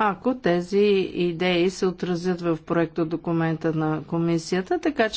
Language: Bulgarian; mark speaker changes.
Speaker 1: ако тези идеи се отразят в проекта документа на комисията, така че